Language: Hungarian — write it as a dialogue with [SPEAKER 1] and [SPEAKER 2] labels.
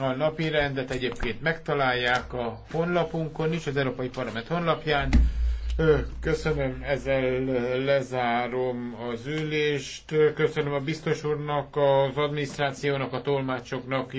[SPEAKER 1] A napi rendet egyébként megtalálják a honlapunkon is, az Európai Parlament honlapján. Köszönöm, ezzel lezárom az ülést. Köszönöm a biztos úrnak, az adminisztrációnak, a
[SPEAKER 2] tolmácsoknak. Jó